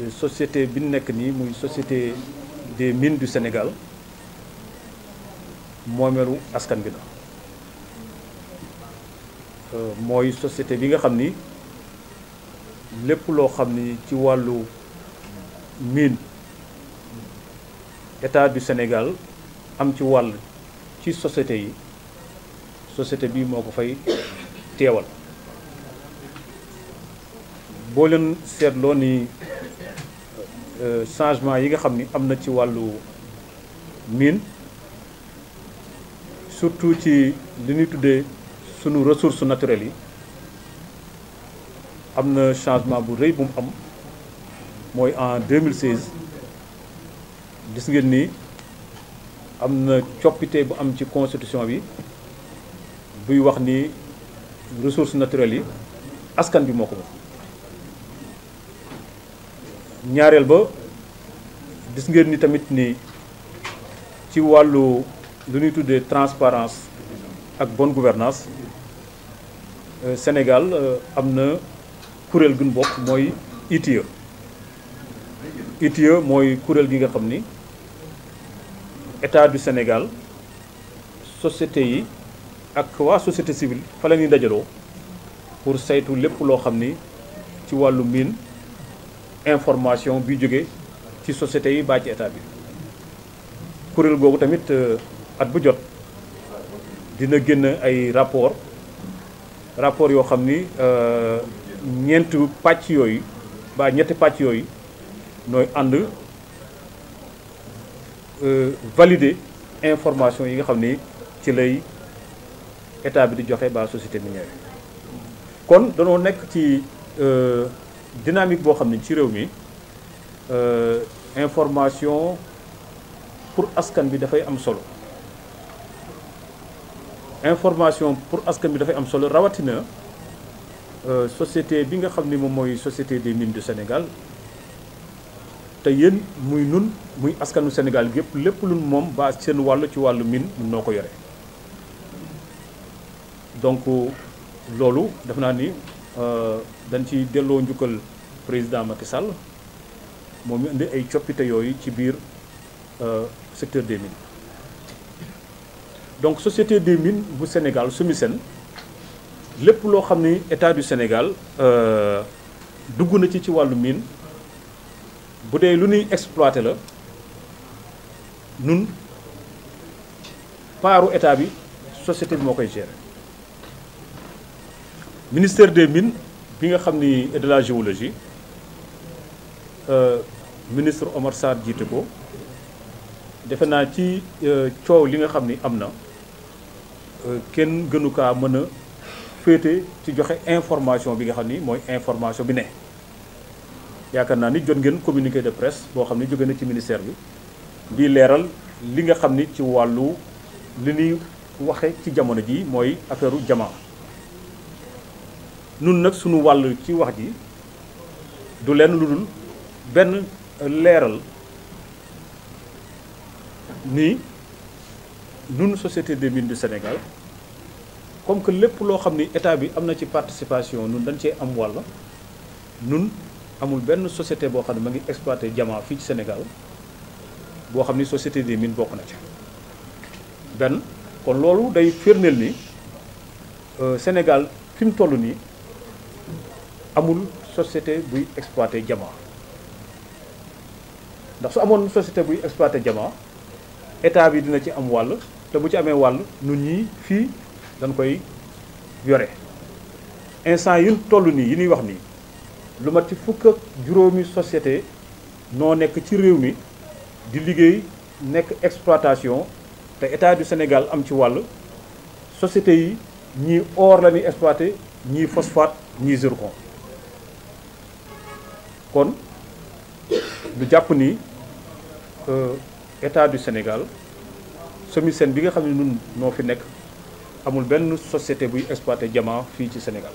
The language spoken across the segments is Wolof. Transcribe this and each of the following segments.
Euh, société bi nekk nii muy société des mines du Sénégal moomeelu askan bi la euh, mooy société bi nga xam ni lépp loo xam ni ci wàllu mine état du Sénégal am ci wàll ci société yi société bi moo ko fay teewal boo leen seetloo ni euh, changement yi nga xam ni am na ci wàllu mine surtout ci li ñuy tuddee sunu ressource naturelles yi am na changement bu rëy bu mu am mooy en 2016 gis ngeen ni am na coppite bu am ci constitution bi buy wax ni ressources naturelles yi askan bi moo ko moom ñaareel ba gis ngeen ni tamit ni ci wàllu lu ñuy tuddee transparence ak bon gouvernance euh, Sénégal euh, am na kuréel gun bokk mooy ITIE ITIE mooy kuréel gi nga xam ni état du Sénégal société yi ak waa société civile fa la dajaloo pour saytu lépp loo xam ni ci wàllu mine information bi jóge ci société yi baa ci état bi kuréel googu tamit euh, at bu jot dina génn ay rapport rapport yoo xam ni euh, ñeenti pàcc yooyu baa ñetti pàcc yooyu nooy ànd euh, valider information yi nga xam ni ci lay état bi di joxe ba société bi ñëwee kon danoo nekk ci euh, dynamique boo xam ne ci réew mi euh, information pour askan bi dafay am solo information pour askan bi dafay am solo rawatina euh, société bi nga xam ni moom mooy société des mines du Sénégal te yéen muy nun muy askanu Sénégal yëpp lépp lu moom ba seen wàll ci wàllu mine mun noo ko yore donc loolu def naa ni euh, dañ ci delloo njukkal président Macky Sall moom indi ay coppite yooyu ci biir euh, secteur des mines donc société des mines bu Sénégal SOMISEN lépp loo xam ni état du Sénégal euh, dugg na ci ci wàllu mine bu dee lu ñuy exploité la nun paaru état bi société bi moo koy gérer ministère des mines bi nga xam ni et de la géologie euh, ministre Omar Sarr jiite ko defe naa ci euh, coow li nga xam ni am na euh, kenn gënu kaa mën a féete ci joxe information bi nga xam ni mooy information bi ne yaakaar naa ni jot ngeen communiqué de presse boo xam ni jóge na ci ministère bi bii leeral li nga xam ni ci wàllu li ñuy waxe ci jamono ji mooy affaire u jamaa nun nag sunu wàll ci wax ji du lenn lu dul benn leeral ni nun société des mines du Sénégal comme que lépp loo xam ni état bi am na ci participation nun dañ cee am wàll nun amul benn société boo xam ne ma ngi exploité diamant fii ci Sénégal boo xam ni société des mines bokk na ci benn kon loolu day firndeel ni euh, Sénégal fi mu toll nii amul société buy exploité jama ndax su amoon société buy exploité jama état bi dina ci am wàll te bu ci amee wàll nun ñi fii dañ koy yore instant yu toll nii yi ñuy wax nii lu mat ci fukk ak juróomi société noo nekk ci réew mi di liggéey nekk exploitation te état du Sénégal am ci wàll société yi ñii or la ñuy exploité ñii phosphate ñii zircon kon ñu jàpp ni euh, état du Sénégal SOMISEN bi nga xam ne ñun noo fi nekk amul benn société buy exploité jamaa fii ci Sénégal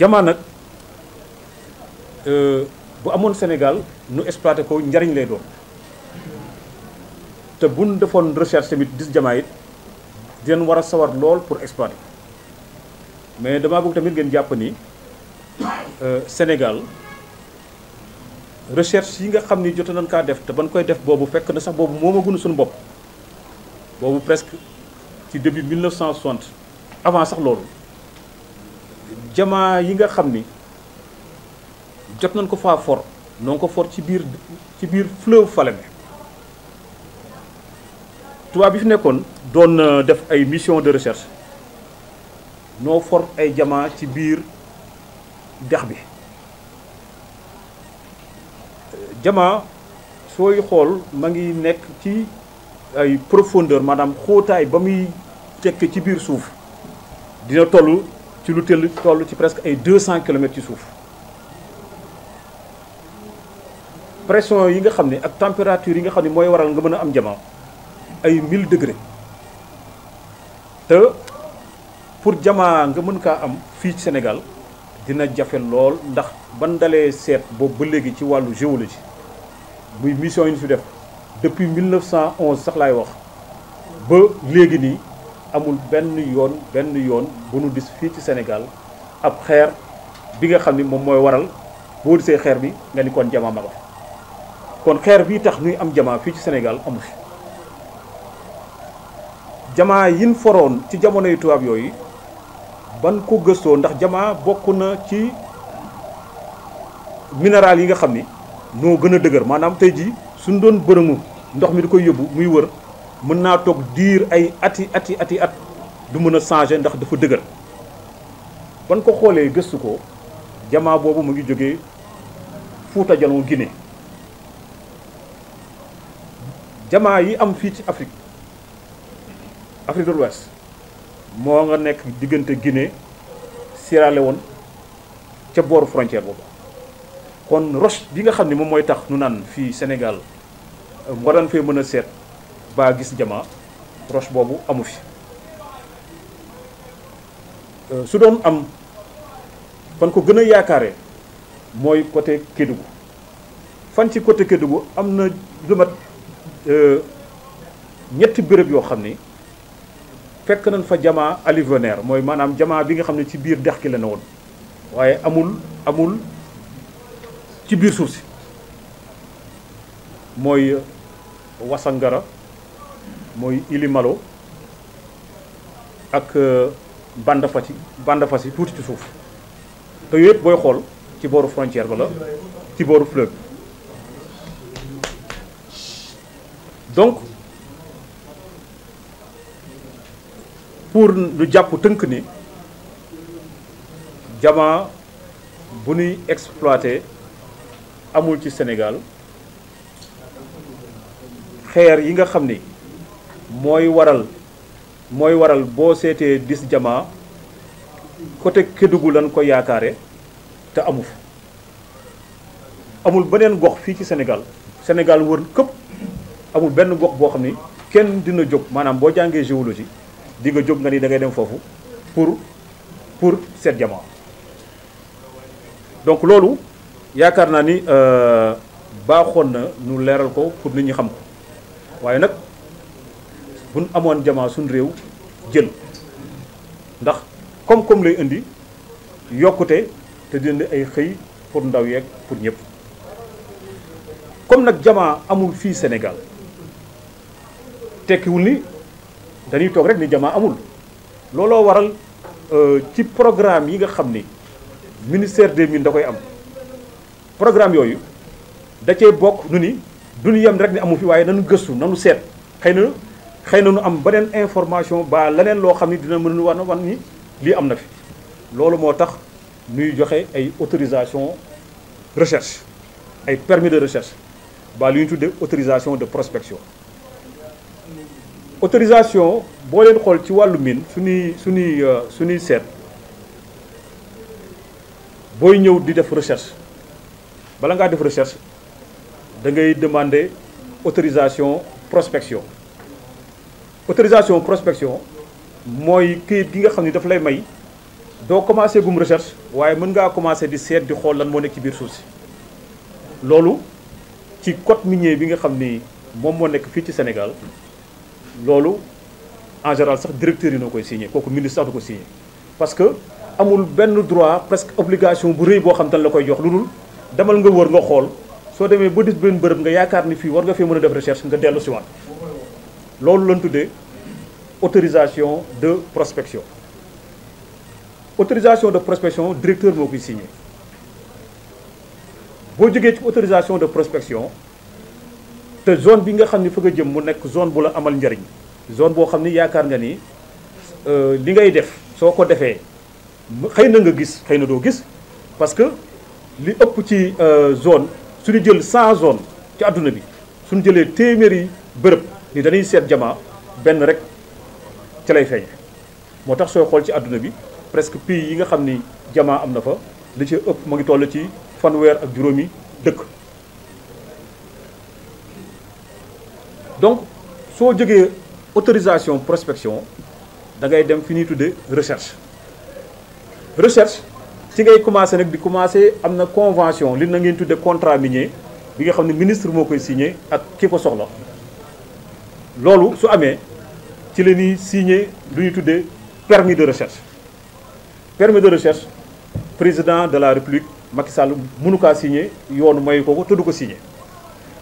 jamaa nag euh, bu amoon Sénégal nu exploité ko njariñ lay doon te bun defoon recherche tamit gis jamaa it dinañ war a sawar lool pour exploiter mais damaa bëgg tamit ngeen jàpp nii Euh, Sénégal recherche yi nga xam ni jot nañ kaa def te ban koy def boobu fekk na sax boobu moomagunu suñu bopp boobu presque ci début 1960 avant sax loolu jamaa yi nga xam ni jot nañ ko faa for noo ko for ci biir ci biir fleuve Falémé tubaab bi fi nekkoon doon euh, def ay mission de recherche noo for ay jamaa ci biir dex bi jamaa sooy xool ma ngi nekk ci ay profondeur maanaam xootaay ba muy tekk ci biir suuf dina toll ci lu tëll toll ci presque ay 200 kilomètres ci suuf pression yi nga xam ne ak température yi nga xam ne mooy waral nga mën a am jamaa ay 1000 degré te pour jamaa nga mën kaa am fii ci Sénégal dina jafe lool ndax ban dalee seet boobu ba léegi ci wàllu géologie muy mission yi ñu fi def depuis 1911 sax laay wax ba léegi nii amul benn yoon benn yoon bu nu dis fii ci Sénégal ab xeer bi nga xam ni moom mooy waral boo gisee xeer bi nga ni kon jamaa ma kon xeer bi tax nuy am jamaa fii ci Sénégal amu jamaa yin foroon ci jamonoy tubaab yooyu. ban ko gëstoo ndax jamaa bokk na ci minéral yi nga xam ni noo gën a dëgër maanaam tey jii suñ doon bërëngu ndox mi di koy yóbbu muy wër mën naa toog diir ay ati ati ati at du mën a changé ndax dafa dëgër ban ko xoolee gëstu ko jamaa boobu mu ngi jóge Fuuta Jalon Guinée jamaa yi am fii ci Afrique Afrique de l'Ouest moo nga nekk diggante Guinée Sierra woon ca booru frontière boobu kon roche bi nga xam ni moom mooy tax nu naan fii Sénégal daan euh, fee mën a seet baa gis jama roche boobu amu fi euh, su doon am fan ko gën a yaakaare mooy côté Kédougou fan ci côté Kédougou am na lu mat euh, ñetti bërëb yoo xam ni fekk nañ fa jamaa alluvionnaire mooy maanaam jamaa bi nga xam ne ci biir dex gi la woon waaye amul amul ci biir suuf si mooy wasangara mooy ilimalo ak euh, bandafasi bandafasi tuuti ci suuf te yooyu yëpp booy xool ci booru frontière ba la ci booru fleuve donc pour lu jàpp tënk ni diamant bu nuy exploité amul ci Sénégal xeer yi nga xam ni mooy waral mooy waral boo seetee dis diamant côté Kédougou lan ko yaakaare te amu amul beneen gox fii ci Sénégal Sénégal wër këpp amul benn gox boo xam ni kenn dina jóg maanaam boo jàngee géologie di nga jóg nga ni dangay dem foofu pour pour seet jamaa donc loolu yaakaar naa ni euh, baaxoon na nu leeral ko pour nit ñi xam ko waaye nag buñ amoon jamaa suñ réew jël ndax koom-koom lay indi yokkute te dindi ay xëy pour ndaw yeeg pour ñëpp comme nag jamaa amul fii Sénégal tekkiwul ni dañuy toog rek ni jamaa amul looloo waral euh, ci programme yi nga xam ni ministère de mines da koy am programme yooyu da bokk nu ni duñu yem rek ni amu fi waaye nanu gëstu nanu seet xëy na xëy na nu am beneen information ba leneen loo xam ni dina mën wan wan ni lii am na fi loolu moo tax ñuy joxe ay autorisation recherche ay permis de recherche ba li ñu tuddee autorisation de prospection autorisation boo leen xool ci wàllu su suñuy suñuy euh, suñuy seet booy ñëw di def recherche bala ngaa def recherche da ngay demander autorisation prospection autorisation prospection mooy këyit gi nga xam ni daf lay may doo commencé gum recherche waaye mën ngaa commencé di seet di xool lan moo nekk ci biir suuf si loolu ci code minier bi nga xam ni moom moo nekk fii ci Sénégal loolu en sax directeur yi noo koy signé kooku ministre sax du ko signé parce que amul benn droit presque obligation bu rëy boo xam tan la koy jox lu dul demal nga wër nga xool soo demee ba dis benn bërëb nga yaakaar ni fii war nga fee mën a def recherche nga dellu si waat loolu lañ tuddee autorisation de prospection autorisation de prospection directeur moo koy signé boo jógee ci autorisation de prospection te zone bi nga xam ni fa nga jëm mu nekk zone bu la amal njariñ zone boo xam ni yaakaar nga ni euh, li ngay def soo ko defee xëy na nga gis xëy na doo gis parce que li ëpp ci euh, zone suñu jël 100 zone ci àdduna bi suñu jëlee téeméeri bërëb ni dañuy seet jamaa benn rek ci lay feeñ moo tax sooy xool ci àdduna bi presque pays yi nga xam ni jamaa am na fa li ci ëpp mu ngi toll ci fanweer ak juróomi dëkk donc soo jógee autorisation prospection da ngay dem fi ñuy tuddee recherche recherche ci ngay commencé nag di commencé am na convention li na ngeen tuddee contrat minier bi nga xam ne ministre moo koy signé ak ki ko soxla loolu su amee ci la ñuy signé lu ñuy tuddee permis de recherche permis de recherche président de la république Macky Sall mënu kaa signé yoon mayu ko ko te ko signé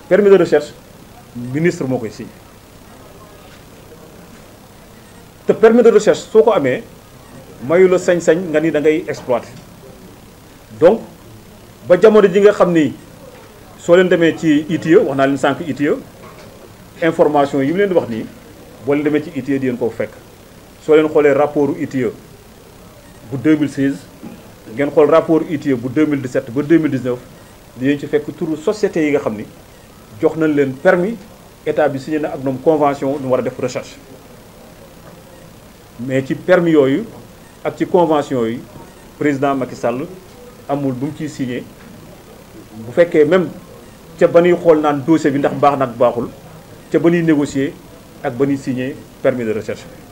permis de recherche. ministre moo koy signé te permis de recherche soo ko amee mayu sañ-sañ nga ni da ngay exploiter donc ba jamono ji nga xam ni soo leen demee ci ITIE wax naa leen sànq ITIE information yi mu leen di wax nii boo leen demee ci ITIE di leen koo fekk soo leen xoolee rapport ITIE bu 2016 ngeen xool rapport ITIE bu 2017 ba 2019 di ngeen ci fekk turu société yi nga xam ni. jox nañ leen permis état bi signé na ak ñoom convention nu war a def recherche mais ci permis yooyu ak ci convention yi président Macky Sall amul bu mu ciy signé bu fekkee même ca ba nuy xool naan dossier bi ndax baax na ak baaxul ca ba ñuy négocier ak ba nuy signé permis de recherche